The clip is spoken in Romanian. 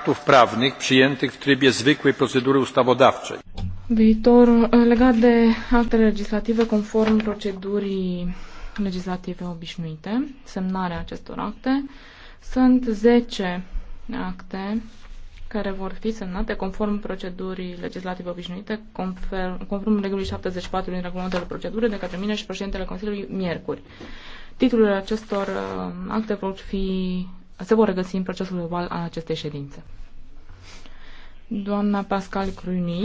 aktów prawnych przyjętych w trybie zwykłej procedury ustawodawczej. Viitor eh, legat de actele legislative conform procedurii legislative obișnuite, semnarea acestor acte, sunt 10 acte care vor fi semnate conform procedurii legislative obișnuite, conform, conform regulii 74 din regulamentele procedurii de către mine și președintele Consiliului miercuri. Titlurile acestor eh, acte vor fi se vor regăsi în procesul global al acestei ședințe. Doamna Pascal Cruni